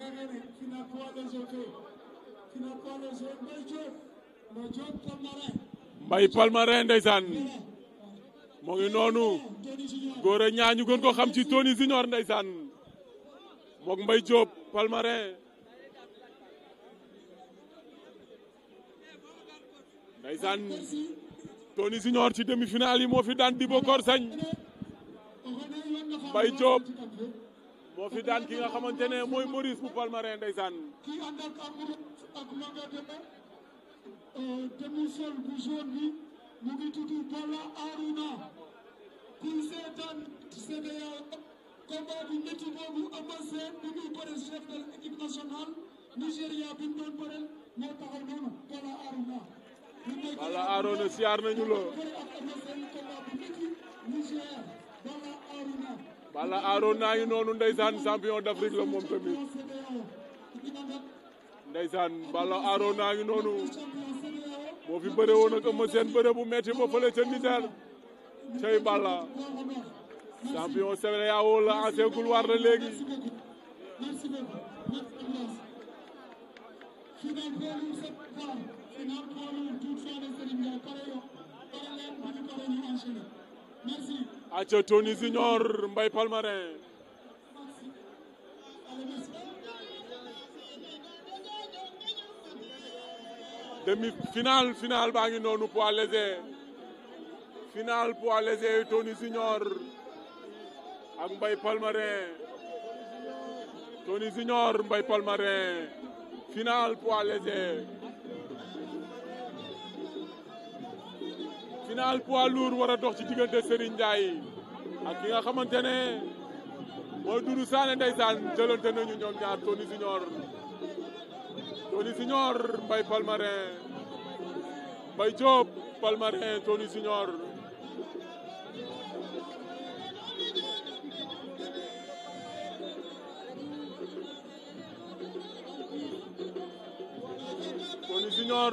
mbay n'a pas les oreilles, qui n'a Palmarin. Mbaye Palmarin ndeysaan noonu góore ñaa ñu gën ko xam ci Tony Junior ndeysaan moog Mbaye Diop Palmarin ndeysaan Tony Junior ci demi-finale moo fi daan Dibou Corsagne Mbaye Diop moo fi daan ki nga xamante ne mooy Maurice bu Palmarin ndeysaan kii ànd ak ak manga deme euh, demisol bu jaune bi mu ngi tudd Bala Aruna kuy seetaan CBA combat bu métti boobu Ama Sène bi muy pare chef de l'équipe Nigéria bi mu doon pareel moo taxaw noonu Bala Aruna Bala Aruna siyaar wala Arona ngi noonu ndeysaan champion d'Afrique la moom tamit ndeysaan bala Arona ngi noonu moo bëre woon ak Eumeu bëre bu metti ba fële ca Niger cey bala champion CEDEAO la ancien couloir la léegi aca Tony Junior Mbaye Palmarin demi final final baa ngi noonu poids léger final poids léger Tony Junior ak Mbaye Palmarin Tony Junior Mbaye Palmarin final poids léger final poids lourd war a dox ci diggante Serigne Ndiaye ak ki nga xamante ne mooy Doudou Sané ndeysaan jëlante nañu ñoom ñaar Tony Junior Tony Junior Mbaye Palmarin Mbaye Diop Palmarin Tony Junior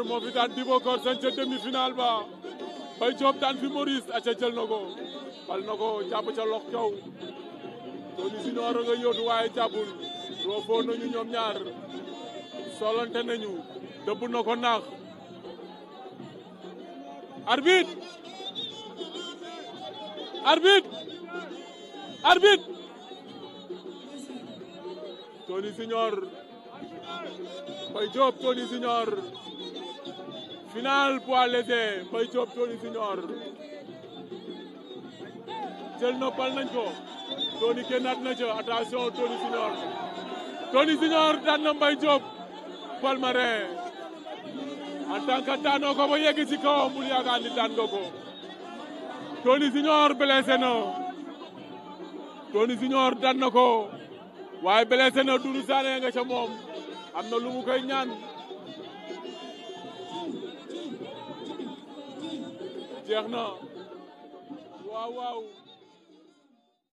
moo fi daan Dibokor sañ ca demi ba Mbaye Diop daan fi Maurice aca jël na ko bal ca lox caw Tony Junior nga yóotu waaye jàppul roofoo nañu ñoom ñaar solante dëbb na ko naax arbitre arbitre arbitre Tony Junior Mbaye Diop final poids léger Mbaye Diop Tony Junior jël noppal nañ ko Tony génnaat na ca attention Tony Junior Tony Junior daan na Mbaye Diop palmarin en tant que daanoo ko ba yegg ci kawam bul yaakaar ni daan nga ko Tony Junior na Tony Junior daan na ko waaye blessé na Doudou Sané nga ca moom am na lu mu koy jeex na waaw waaw